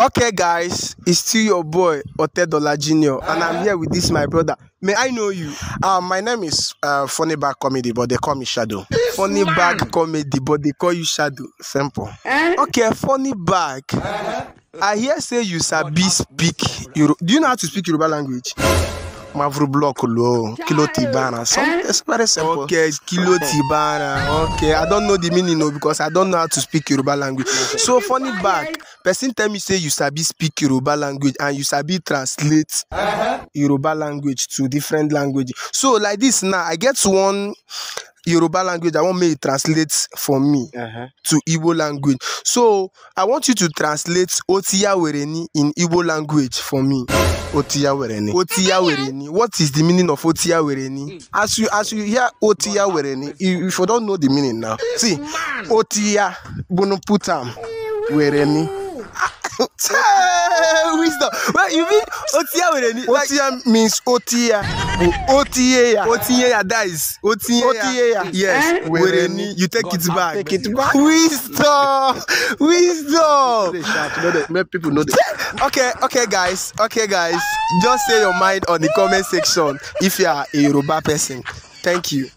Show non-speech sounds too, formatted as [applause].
Okay, guys, it's still your boy Otedola Junior, and I'm here with this my brother. May I know you? Uh, my name is uh, Funny Bag Comedy, but they call me Shadow. This funny man. Bag Comedy, but they call you Shadow. Simple. Eh? Okay, Funny Bag. Eh? I hear say you sabi speak Euro. Do you know how to speak Yoruba language? Mavru block lo, kilo tibana. Some, eh? it's very simple. Okay, kilo tibana. Okay, I don't know the meaning no because I don't know how to speak Yoruba language. So funny bag person tell me say you sabi speak yoruba language and you sabi translate uh -huh. yoruba language to different language so like this now i get one yoruba language i want make you translate for me uh -huh. to igbo language so i want you to translate otiyawereni in igbo language for me otiyawereni otiyawereni what is the meaning of otiyawereni as you as you hear otiyawereni if you don know the meaning now see otiya bunu wereni. [laughs] wisdom well you mean otia were ni. otia means otia bu otie ya. otie ya that is otie ya. yes eh? were ni you take it back. take it back. wisdom wisdom. make people know the. [laughs] okay okay guys okay guys just say your mind on the comment section if you are a Yoruba person thank you.